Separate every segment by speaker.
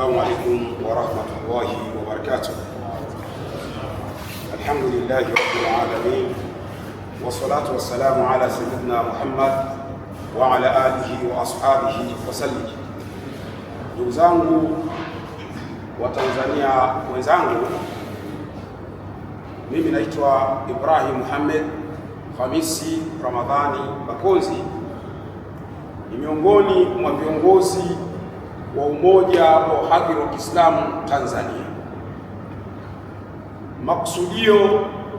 Speaker 1: Assalamu alaikum warahmatullahi wabarakatuh. Alhamdulillahi rabbil alamin wassalatu wassalamu ala sayyidina Muhammad wa ala alihi wa ashabihi wasallim. Ndugu zangu wa Tanzania wenzangu, mimi naitwa Ibrahim Muhammad Hamisi Ramadhani Bakozi, ni miongoni mwa viongozi wa Umoja wa Wahadhiri wa Kiislamu Tanzania. Makusudio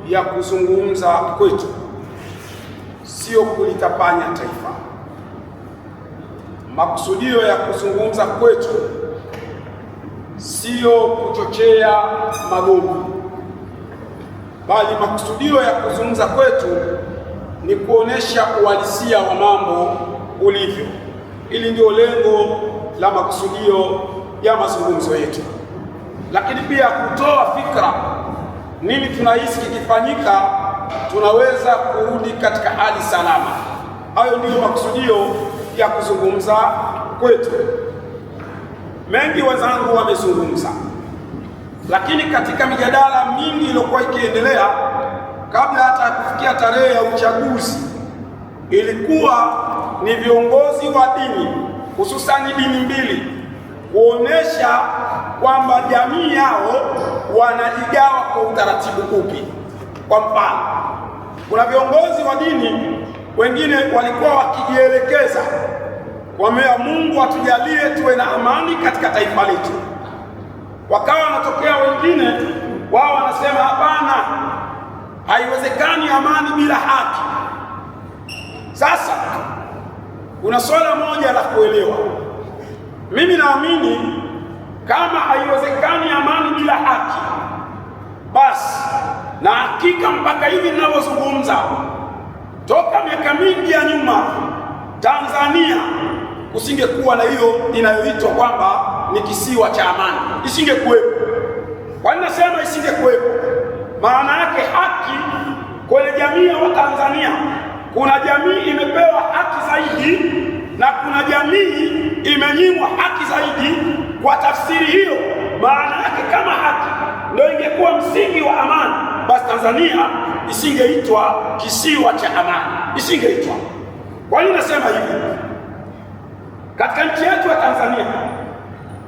Speaker 1: ya kuzungumza kwetu sio kulitapanya taifa. Makusudio ya kuzungumza kwetu sio kuchochea magomvi, bali makusudio ya kuzungumza kwetu ni kuonesha uhalisia wa mambo ulivyo. Hili ndio lengo la makusudio ya mazungumzo yetu, lakini pia kutoa fikra nini tunahisi kikifanyika tunaweza kurudi katika hali salama. Hayo ndiyo makusudio ya kuzungumza kwetu. Mengi wenzangu wamezungumza, lakini katika mijadala mingi iliyokuwa ikiendelea kabla hata ya kufikia tarehe ya uchaguzi ilikuwa ni viongozi wa dini hususani dini mbili kuonesha kwamba jamii yao wanajigawa kwa utaratibu upi. Kwa mfano, kuna viongozi wa dini wengine walikuwa wakijielekeza, wamea Mungu atujalie tuwe na amani katika taifa letu, wakawa wanatokea wengine wao wanasema hapana, haiwezekani amani bila haki. Sasa kuna swala moja la kuelewa. Mimi naamini kama haiwezekani amani bila haki, basi na hakika mpaka hivi ninavyozungumza, toka miaka mingi ya nyuma Tanzania kusingekuwa na hiyo inayoitwa kwamba ni kisiwa cha amani, isingekuwepo. Kwa nini nasema isingekuwepo? Maana yake haki kwenye jamii ya Watanzania kuna jamii imepewa haki zaidi na kuna jamii imenyimwa haki zaidi. Kwa tafsiri hiyo, maana yake kama haki ndio ingekuwa msingi wa amani, basi Tanzania isingeitwa kisiwa cha amani, isingeitwa. Kwa nini nasema hivi? Katika nchi yetu ya Tanzania,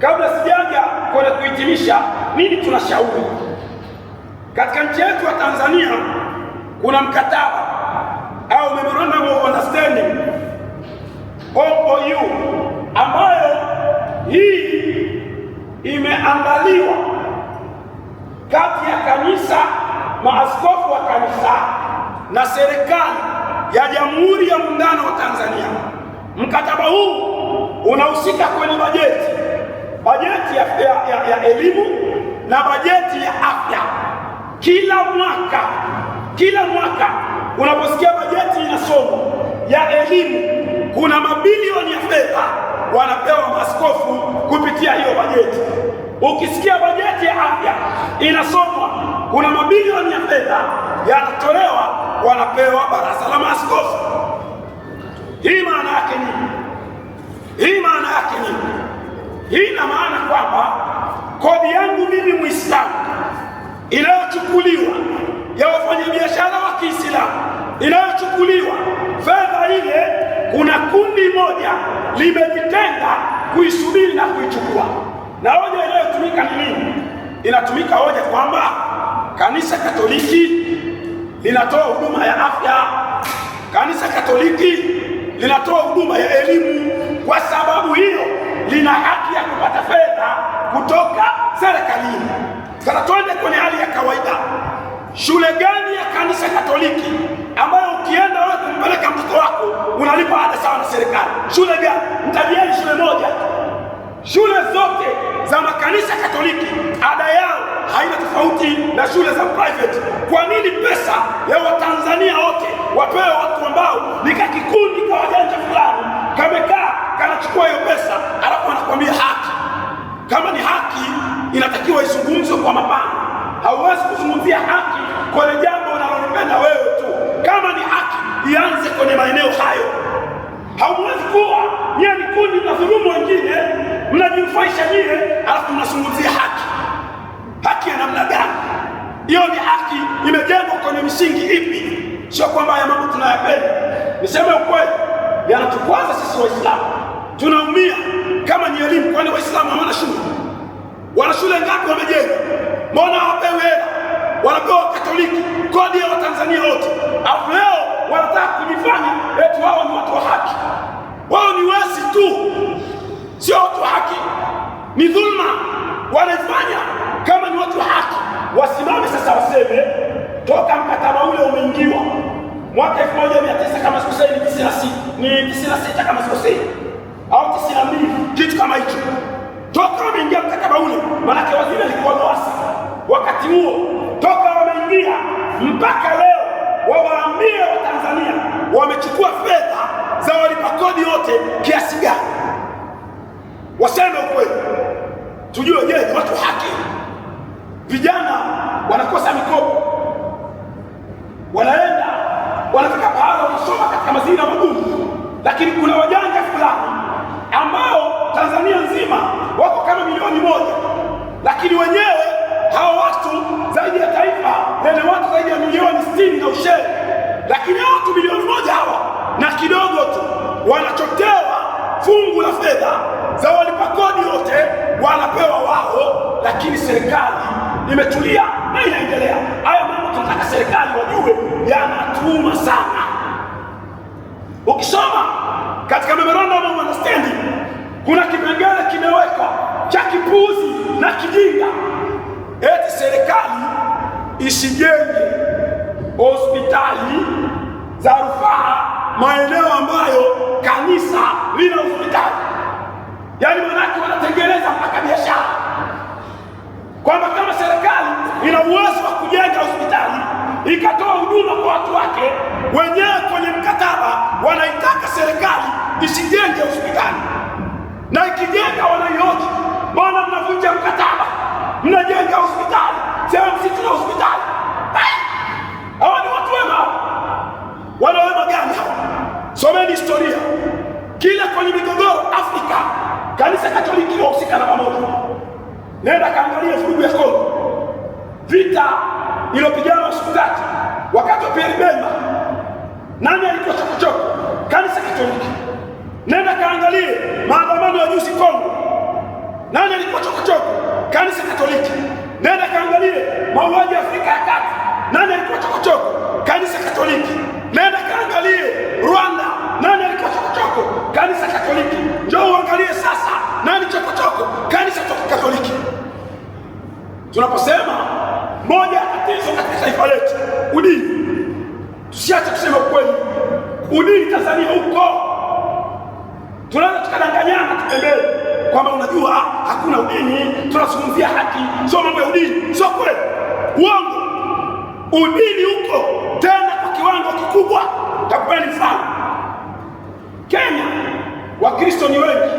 Speaker 1: kabla sijaja kwenda kuhitimisha nini tunashauri, katika nchi yetu ya Tanzania kuna mkataba memorandum understanding MOU ambayo hii imeandaliwa kati ya kanisa, maaskofu wa kanisa na serikali ya Jamhuri ya Muungano wa Tanzania. Mkataba huu unahusika kwenye bajeti, bajeti ya, ya, ya, ya elimu na bajeti ya afya kila mwaka, kila mwaka Unaposikia bajeti inasomwa ya elimu, kuna mabilioni ya fedha wanapewa maaskofu kupitia hiyo bajeti. Ukisikia bajeti ya afya inasomwa, kuna mabilioni ya fedha yanatolewa, wanapewa baraza la maaskofu. Hii maana yake nini? Hii maana yake nini? Hii ina maana kwamba kodi yangu mimi Mwislamu inayochukuliwa ya wafanyabiashara wa Kiislamu inayochukuliwa fedha ile, kuna kundi moja limejitenga kuisubiri na kuichukua, na hoja inayotumika ni nini? Inatumika hoja kwamba kanisa Katoliki linatoa huduma ya afya, kanisa Katoliki linatoa huduma ya elimu Shule gani ya kanisa Katoliki ambayo ukienda wewe kumpeleka mtoto wako unalipa ada sawa na serikali? Shule gani? Mtajieni shule moja. Shule zote za makanisa Katoliki ada yao haina tofauti na shule za private. Kwa nini pesa ya Watanzania wote wapewe watu ambao ni ka kikundi kwa wajanja fulani kamekaa kanachukua hiyo pesa, alafu anakuambia haki? Kama ni haki, inatakiwa izungumzwe kwa mapana hauwezi kuzungumzia haki kwenye jambo unalolipenda wewe tu. Kama ni haki ianze kwenye maeneo hayo. Hauwezi kuwa nyie ni kundi dhulumu, wengine, mnajinufaisha nyie, alafu mnazungumzia haki. Haki ya namna gani hiyo? Ni haki imejengwa kwenye misingi ipi? Sio kwamba haya mambo tunayapenda. Niseme ukweli, yanatukwaza sisi Waislamu, tunaumia. Kama ni elimu, kwani Waislamu hawana shule? Wana shule ngapi wamejenga? mbona hawapewi hela? Wanapewa Katoliki, kodi ya Watanzania wote, alafu leo wanataka kunifanya eti wao ni watu wa haki. Wao ni wasi tu, sio watu wa haki, ni dhulma wanaifanya. Kama ni watu wa haki, wasimame sasa, waseme toka mkataba ule umeingiwa mwaka elfu moja mia tisa kama sikosei ni tisini na sita ni tisini na sita kama sikosei au tisini na mbili kitu kama hicho, toka umeingia mkataba ule, maanake waziri wakati huo toka wameingia mpaka leo, wawaambie Watanzania wamechukua fedha za walipa kodi wote kiasi gani, waseme ukweli, tujue. Je, ni watu haki? Vijana wanakosa mikopo, wanaenda wanafika pahala wanasoma katika mazingira magumu, lakini kuna wajanja fulani ambao Tanzania nzima wako kama milioni moja, lakini wenyewe hawa watu zaidi ya taifa lenye watu zaidi ya milioni sitini na ushere, lakini watu milioni moja hawa na kidogo tu wanachotewa fungu la fedha za walipa kodi wote wanapewa wao, lakini serikali imetulia na inaendelea. Haya mambo tunataka serikali wajue, yanatuma sana. Ukisoma katika memorandum of understanding kuna kipengele kimewekwa cha kipuuzi na kijinga isijenge hospitali za rufaa maeneo ambayo kanisa lina hospitali. Yaani manake wanatengeneza mpaka biashara kwamba kama serikali ina uwezo wa kujenga hospitali ikatoa huduma kwa watu wake wenyewe, kwenye mkataba wanaitaka serikali isijenge hospitali, na ikijenga wanaihoji, mbona mnavunja mkataba, mnajenga hospitali tena msituni hospitali. Hawa ni watu wema, wana wema gani Someni historia, kila kwenye migogoro Afrika kanisa Katoliki liwahusika namba moja. Nenda kaangalia vurugu ya Kongo, vita iliyopigana siku tatu wakati wa Pierre Bemba, nani alikuwa chokochoko? Kanisa Katoliki. Nenda kaangalie maandamano ya juzi Kongo, nani alikuwa chokochoko? Kanisa Katoliki. Nenda kaangalie mauaji Afrika ya Kati, nani alikuwa chokochoko? Kanisa Katoliki. Nenda kaangalie Rwanda, nani alikuwa chokochoko? Kanisa Katoliki. Njoo uangalie sasa, nani chokochoko? Kanisa Katoliki. Tunaposema moja ya tatizo katika taifa letu udini, tusiache kusema ukweli. Udini Tanzania huko, tunaweza tukadanganyana, tutembee kwamba unajua hakuna udini, tunazungumzia haki, sio mambo ya udini. Sio kweli, uongo. Udini huko tena kwa kiwango kikubwa. Takupeni mfano, Kenya Wakristo ni wengi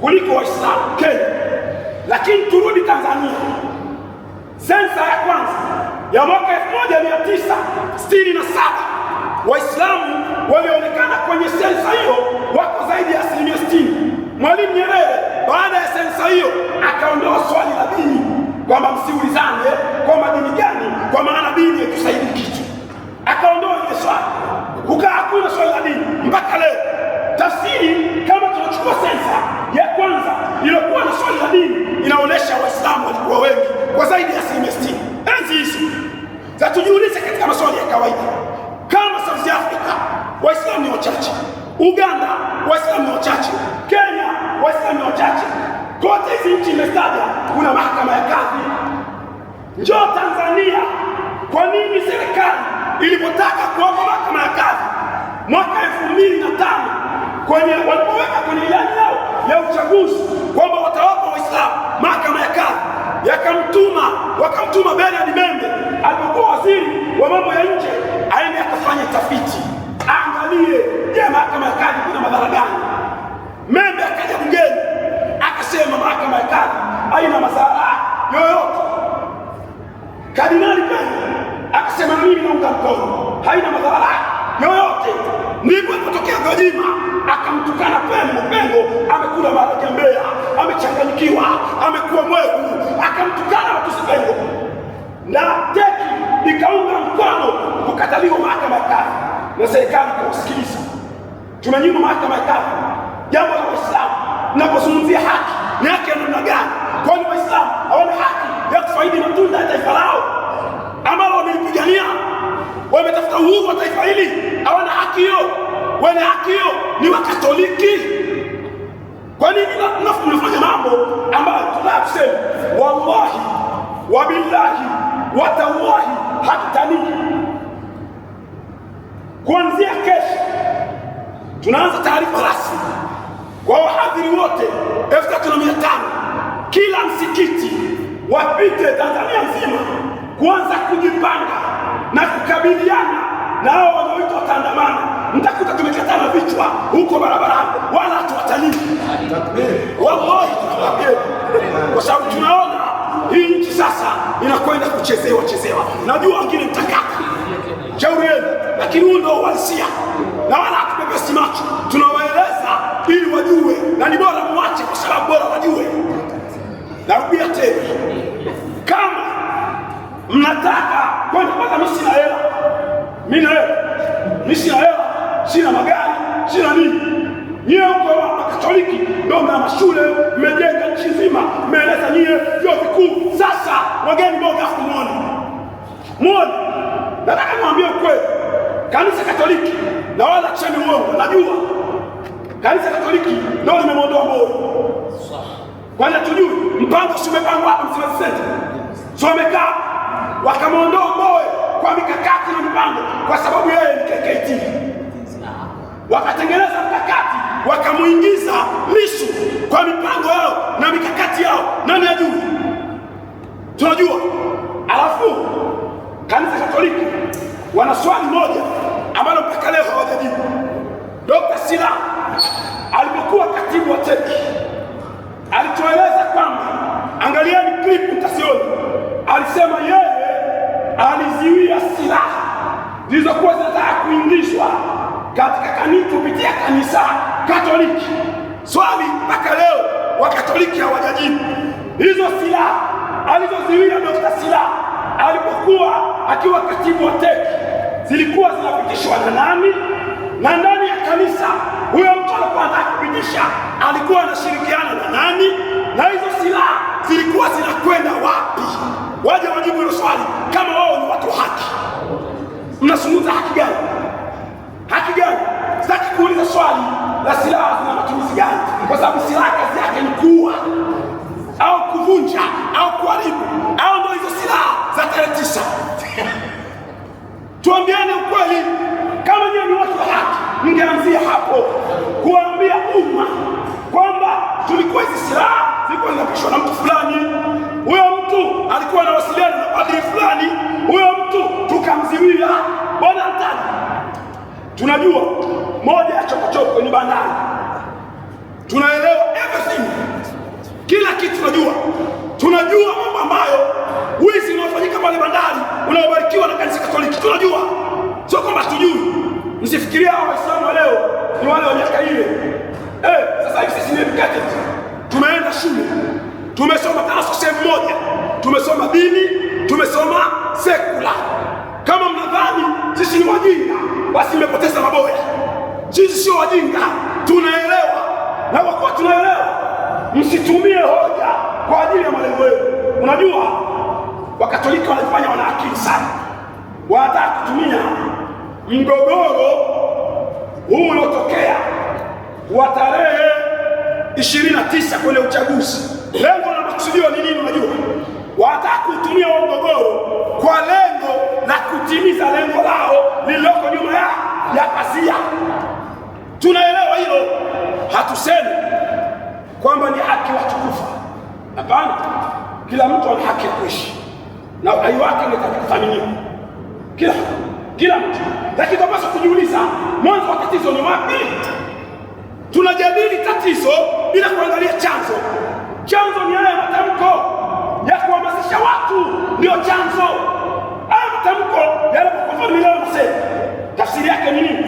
Speaker 1: kuliko Waislamu Kenya, lakini turudi Tanzania, sensa ya kwanza ya mwaka moja na saba Waislamu walionekana kwenye sensa hiyo wako zaidi ya asilimia sitini. Mwalimu Nyerere baada ya sensa hiyo akaondoa swali la dini kwamba msiulizane kwamba dini gani, kwa maana dini itusaidi kitu. Akaondoa ile swali, ukaa hakuna swali la dini mpaka leo. Tafsiri kama tunachukua sensa ya kwanza iliyokuwa na swali la dini, inaonyesha Waislamu walikuwa wengi kwa zaidi ya asilimia sitini enzi hizo. za tujiulize katika maswali ya kawaida kama South Africa Waislamu ni wachache, Uganda Waislamu ni wachache Waislamu ni wachache kote, hizi nchi imestaja kuna mahakama ya kadhi. Njoo Tanzania, kwa nini serikali ilipotaka kuomba mahakama ya kadhi mwaka elfu mbili na tano kwenye walipoweka kwenye ilani yao ya uchaguzi kwamba watawapa wenye haki hiyo, ni Wakatoliki. Kwa nini mnafanya mambo ambayo tunasema wallahi wabillahi watallahi hatutanii? Kuanzia kesho tunaanza taarifa rasmi kwa wahadhiri wote elfu tatu na mia tano kila msikiti wapite Tanzania nzima kuanza kujipanga na kukabiliana na hao wanaoitwa wataandamana mtakuta tumekatana vichwa huko barabarani, wala hatuwatalii wallahi, kwa sababu tunaona hii nchi sasa inakwenda kuchezewa chezewa. Najua wengine mtakata shauri yenu, lakini huu ndio uhalisia na wala hatupepesi macho, tunawaeleza ili wajue, na ni bora mwache, kwa sababu bora wajue. Narudia tena, kama mnataka kwenda pata mimi sina hela, mimi na hela mimi sina hela sina magari, sina nini. Nyiwe huko wa Katoliki ndio mna mashule mmejenga nchi nzima, mmeeleza nyiwe vyuo vikuu. Sasa wageni mboga kumwona muone, nataka niwaambie ukweli, kanisa Katoliki na wala kusema uongo, najua kanisa Katoliki ndio limemwondoa Moi. Kwani tujue mpango si umepangwa hapa Msimbazi Center, so wakamwondoa kwa mikakati na mpango, kwa sababu yeye ni KKT wakatengeneza mkakati, wakamuingiza Lissu kwa mipango yao na mikakati yao. Nani ajui? Tunajua. Alafu kanisa Katoliki wana swali moja ambalo mpaka leo hawajajibu. Dokta Sila alipokuwa katibu wa teki alitueleza kwamba, angalieni klipu tasioni alisema yeye aliziwia silaha zilizokuwa zinataka kuingizwa katika kanisa kupitia kanisa Katoliki. Swali mpaka leo Wakatoliki hawajajibu hizo silaha alizoziwia Dr. Sila alipokuwa akiwa katibu wa teki, zilikuwa zinapitishwa na nani na ndani ya kanisa? Huyo mtu alikuwa anataka kupitisha, alikuwa anashirikiana na nani? Na hizo silaha zilikuwa zinakwenda wapi? Waje wajibu hilo swali, kama wao ni watu haki. Mnazungumza haki gani? haki gani? Sitaki kuuliza swali la silaha zina matumizi gani, kwa sababu silaha kazi yake ni kuua au kuvunja au kuharibu, au ndio hizo silaha za tarehe tisa. Tuambiane ukweli, kama nyie ni watu wa haki, ningeanzia hapo kuambia umma kwamba tulikuwa hizi silaha zilikuwa zinapishwa na mtu fulani, huyo mtu alikuwa anawasiliana na padri fulani, huyo mtu tukamziwia bwana mtani tunajua moja ya chokochoko kwenye bandari, tunaelewa everything, kila kitu tunajua. Tunajua mambo ambayo wizi unaofanyika pale bandari unaobarikiwa na kanisa Katoliki tunajua, sio kwamba tujui. Msifikiria hao Waislamu wa leo ni wale wa miaka ile. Eh, sasa hivi sisi ni tumeenda shule, tumesoma darasa sehemu moja, tumesoma dini, tumesoma sekula. Kama mnadhani sisi ni wajinga basi mmepoteza maboya. Sisi sio wajinga, tunaelewa na kwa kuwa tunaelewa, msitumie hoja kwa ajili ya malengo yenu. Unajua Wakatoliki wanafanya wana akili sana, wanataka kutumia mgogoro huu uliotokea wa tarehe ishirini na tisa kwenye uchaguzi. Lengo la makusudio ni nini? Unajua wataka kutumia huo mgogoro kwa lengo la kutimiza lengo lao lililoko nyuma ya ya pazia. Tunaelewa hilo, hatusemi kwamba ni haki watu kufa. Hapana, kila mtu ana haki ya kuishi na uhai wake unataminiwa, kila kila mtu. Lakini tunapaswa kujiuliza mwanzo wa tatizo ni wapi? Tunajadili tatizo bila kuangalia chanzo. Chanzo ni haya matamko ya kuwasafisha watu ndio chanzo. Au tamko ya mse. Tafsiri yake ni nini?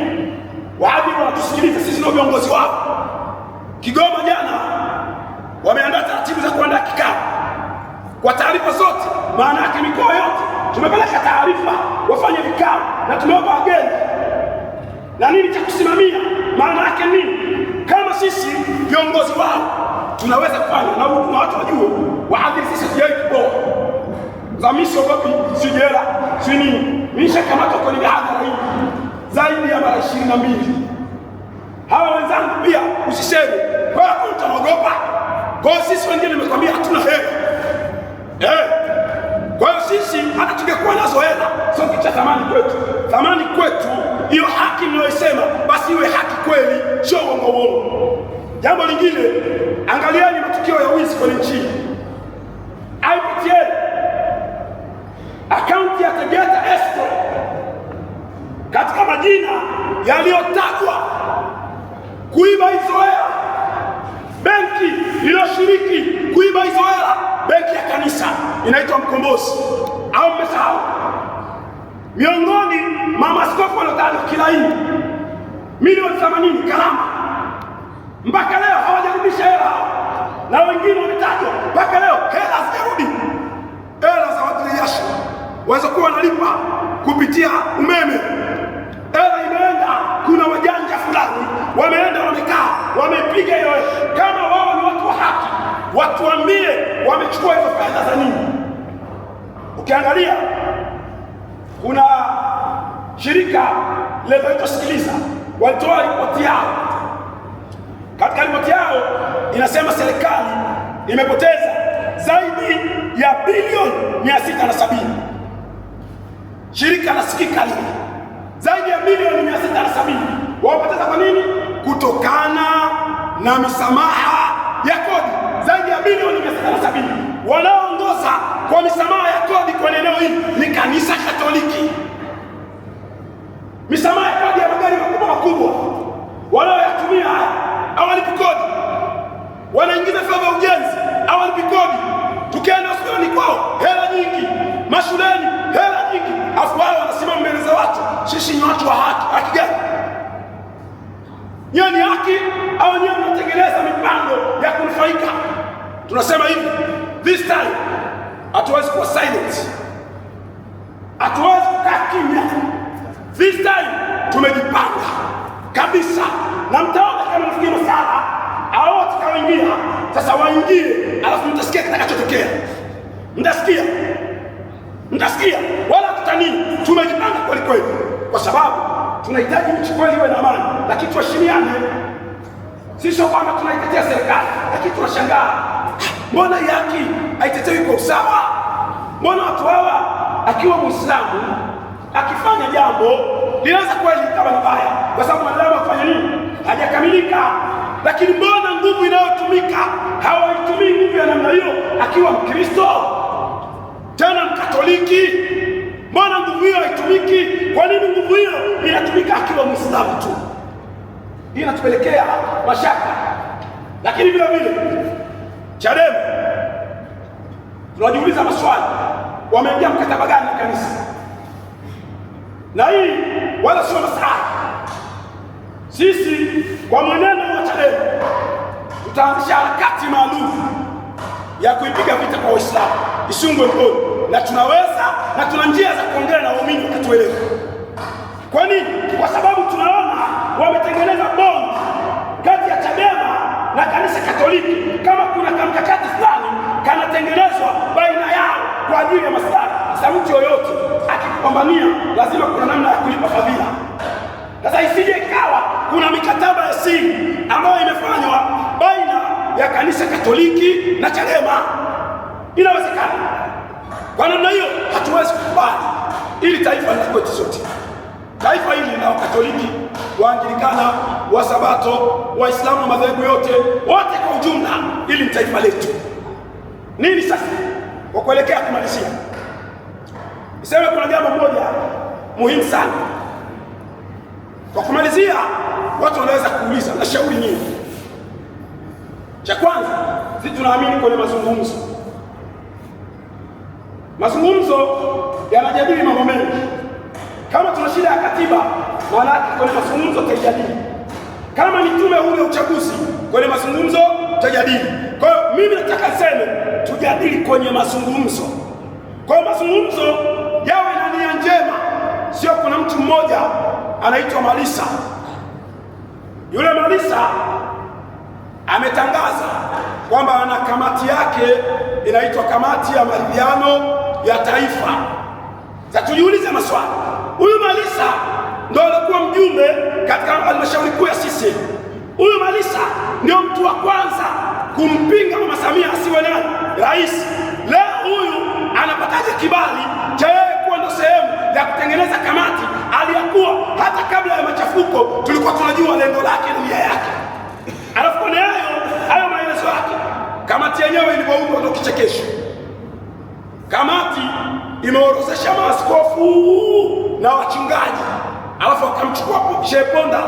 Speaker 1: Waajiri wanatusikiliza sisi ndio viongozi wao. Kigoma jana wameandaa taratibu za kuandaa kikao kwa taarifa zote, maana yake mikoa yote tumepeleka taarifa wafanye vikao na tumeomba wageni na nini cha kusimamia. Maana yake nini? Kama sisi viongozi wao tunaweza kufanya na watu wajue waadhirisishe sijai kiboa za misho wapi sijela sini misha kamata kwenye hadhara hii zaidi ya mara ishirini na mbili. Hawa wenzangu pia usiseme wewe utaogopa. Kwa hiyo sisi wengine nimekwambia hatuna hela eh. Kwa hiyo sisi hata tungekuwa nazo hela sio kitu thamani kwetu. Thamani kwetu hiyo haki mnayoisema, basi iwe haki kweli, sio uongo uongo. Jambo lingine, angalieni matukio ya wizi kwenye nchi majina yaliyotajwa kuiba hizo hela, benki iliyoshiriki kuiba hizo hela, benki ya kanisa inaitwa Mkombozi au mmesahau? Miongoni mwa maaskofu waliotajwa kilaini milioni 80 karama, mpaka leo hawajarudisha hela, na wengine wametajwa mpaka leo hela hazijarudi, hela za watu yashu waweza kuwa wanalipa kupitia umeme fulani, wameenda wamekaa, wamepiga hiyo. Kama wao ni watu wa haki, watuambie wamechukua hizo fedha za nini? Ukiangalia kuna shirika linalosikiliza, walitoa ripoti yao. Katika ripoti yao inasema serikali imepoteza zaidi ya bilioni mia sita na sabini shirika la sikika lile zaidi ya bilioni mia sita na sabini wapoteza kwa nini? Kutokana na misamaha ya kodi zaidi ya bilioni mia sita sabini. Wanaoongoza kwa misamaha ya kodi kwenye eneo hili ni kanisa Katoliki. Misamaha ya kodi ya magari makubwa makubwa wanaoyatumia hawalipi kodi, wanaingiza fedha ujenzi, hawalipi kodi. Tukienda hospitalini kwao hela nyingi, mashuleni hela nyingi, afu wao wanasimama mbele za watu, sisi ni watu wa haki. Haki gani? nyewe ni haki au nyewe mnatengeneza mipango ya kunufaika? Tunasema hivi, this time hatuwezi kuwa silent, hatuwezi kukaa kimya. This time tumejipanga kabisa, na mtaona kama mfikie sana au watakaoingia sasa waingie, alafu mtasikia kitakachotokea, mtasikia mtasikia, wala tutanii. Tumejipanga kweli kweli, kwa sababu tunahitaji nchi kweli iwe na amani, lakini tuheshimiane. Sisi kwamba tunaitetea serikali, lakini tunashangaa mbona yaki haitetewi kwa usawa? Mbona watu hawa, akiwa Muislamu akifanya jambo linaweza kuwa kama ni baya, kwa sababu mwanadamu afanya nini, hajakamilika. Lakini mbona nguvu inayotumika hawaitumii nguvu ya namna hiyo, akiwa Mkristo tena Mkatoliki, mbona nguvu hiyo haitumiki. Kwa nini nguvu hiyo inatumika akiwa Muislamu tu? Hii inatupelekea mashaka, lakini vile vile Chadema tunajiuliza maswali, wameingia mkataba gani na kanisa? Na hii wala sio masahara. Sisi kwa mwenendo wa Chadema tutaanzisha harakati maalum ya kuipiga vita kwa Waislamu isiungwe Mkono na tunaweza na tuna njia za kuongea na waumini wakatuelewa. Kwa nini? Kwa sababu tunaona wametengeneza bond kati ya Chadema na kanisa Katoliki, kama kuna kamkakati fulani kanatengenezwa baina yao kwa ajili ya maslahi. Sauti yoyote akikupambania lazima kuna namna ya kulipa fadhila. Sasa isije ikawa kuna mikataba ya siri ambayo imefanywa baina ya kanisa Katoliki na Chadema, inawezekana kwa namna hiyo hatuwezi kukubali ili taifa lichukue chochote. Taifa hili na Wakatoliki, Waanglikana, Wasabato, Waislamu wa madhehebu yote, wote kwa ujumla, ili ni taifa letu. Nini sasa kwa kuelekea kumalizia, niseme kuna jambo moja muhimu sana kwa kumalizia. Watu wanaweza kuuliza, na shauri nyingi. Cha kwanza, sisi tunaamini kwenye mazungumzo Mazungumzo yanajadili mambo mengi. Kama tuna shida ya katiba, maana kwenye mazungumzo tutajadili. Kama ni tume huru ya uchaguzi, kwenye mazungumzo tutajadili. Kwa hiyo mimi nataka niseme tujadili kwenye mazungumzo. Kwa hiyo mazungumzo yawe na nia njema, sio kuna mtu mmoja anaitwa Malisa, yule Malisa ametangaza kwamba ana kamati yake inaitwa kamati ya maridhiano ya taifa. Sasa tujiulize maswali, huyu Malisa ndio alikuwa mjumbe katika halmashauri kuu ya sisi. Huyu Malisa ndio mtu wa kwanza kumpinga mama Samia asiwe nani rais. Leo huyu anapataje kibali cha yeye kuwa ndo sehemu ya kutengeneza kamati aliyakuwa hata kabla ya machafuko tulikuwa tunajua lengo lake na nia yake, alafu kone hayo hayo maelezo yake kamati yenyewe ilivyoundwa ndio kichekesho. Kamati imeorozesha maaskofu na wachungaji, alafu wakamchukua Shehe Ponda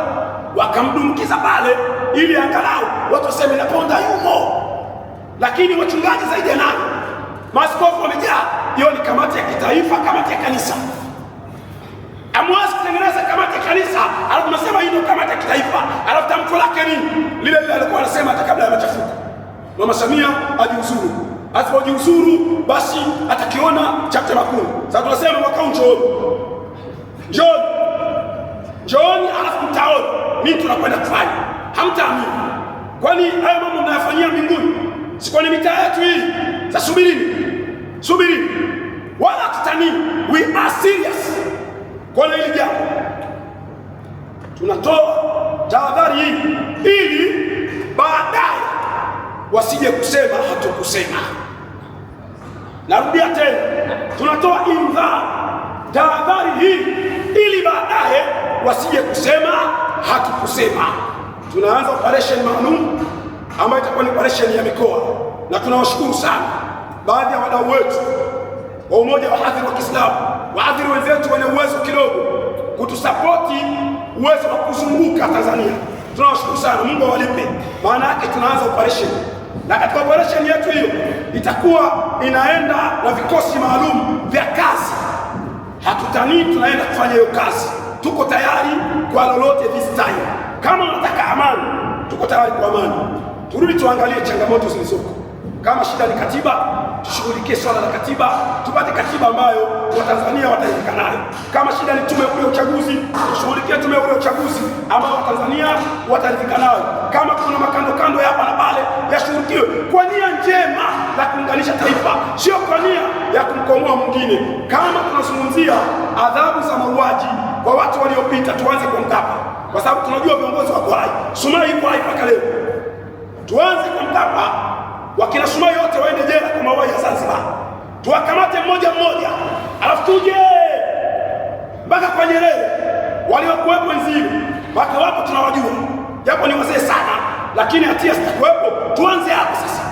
Speaker 1: wakamdumkiza pale, ili angalau watu waseme na Ponda yumo, lakini wachungaji zaidi ya nani, maaskofu wamejaa. Hiyo ni kamati ya kitaifa, kamati ya kanisa. Amwasi kutengeneza kamati ya kanisa alafu nasema hii ndio kamati ya kitaifa, alafu tamko lake nini? Lile lile alikuwa anasema hata kabla ya machafuko, Mama Samia ajiuzuru asipojiuzuru basi atakiona chapter la kumi. Sasa tunasema mwaka huu njooni, njooni, njooni, alafu mtaona mimi tunakwenda kufanya, hamtaamini. Kwani ayo mambo mnayafanyia mbinguni si kwenye mitaa yetu hii? Sasa subirini, wala tutani. We are serious kwenye hili jambo, tunatoa tahadhari hii ili baadaye wasije kusema hatukusema. Narudia tena, tunatoa indhaa tahadhari hii ili baadaye wasije kusema hatukusema. Tunaanza operesheni maalum ambayo itakuwa ni operation ya mikoa, na tunawashukuru sana baadhi ya wadau wetu wa umoja wa hadhiri wa Kiislamu, waadhiri wenzetu wenye uwezo kidogo kutusapoti uwezo wa kuzunguka Tanzania. Tunawashukuru sana, Mungu awalipe. Maana yake tunaanza operation, na katika operesheni yetu hiyo itakuwa inaenda na vikosi maalum vya kazi. Hatutanii, tunaenda kufanya hiyo kazi. Tuko tayari kwa lolote this time. Kama unataka amani, tuko tayari kwa amani. Turudi tuangalie changamoto zilizoko. Kama shida ni katiba, tushughulikie swala la katiba, tupate katiba ambayo Watanzania wataridhika nayo. Kama shida ni tume ya uchaguzi, tushughulikie tume ya uchaguzi ambayo Watanzania wataridhika nayo. Kama kuna makando kando ya hapa na pale, yashughulikiwe kwa nia njema la kuunganisha taifa, sio kwa nia ya kumkomoa mwingine. Kama tunazungumzia adhabu za mauaji kwa watu waliopita, tuanze kwa Mkapa kwa sababu tunajua viongozi wako hai. Sumaye iko hai mpaka leo, tuanze kwa Mkapa wakina Suma wote waende jela kwa mauaji ya Zanzibar, tuwakamate mmoja mmoja, alafu tuje mpaka kwa Nyerere waliokuwepo nzima mpaka wapo tunawajua, japo ni wazee sana, lakini hatia sitakuwepo. Tuanze hapo sasa,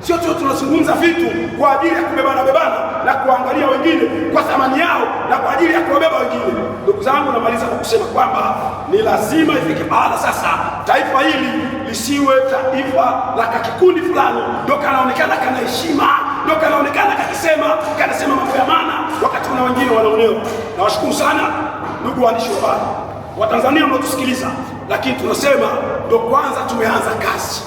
Speaker 1: sio tu tunazungumza vitu kwa ajili ya kubebana bebana na kuangalia wengine kwa thamani yao na kwa ajili ya kuwabeba wengine. Ndugu zangu, namaliza kwa kusema kwamba ni lazima ifike baada sasa taifa hili lisiwe taifa la kakikundi fulani ndio kanaonekana kana heshima, ndio kanaonekana kakisema kanasema mambo ya maana, wakati kuna wengine wanaonewa. Nawashukuru sana ndugu waandishi wa habari wa Tanzania mnaotusikiliza, lakini tunasema ndio kwanza tumeanza kazi,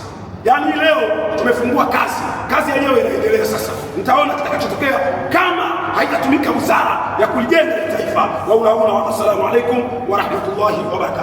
Speaker 1: yaani leo tumefungua kazi, kazi yenyewe inaendelea sasa. Mtaona kitakachotokea kama haitatumika wizara ya kulijenga taifa. Waulaula, wassalamu alaikum warahmatullahi wabarakatu.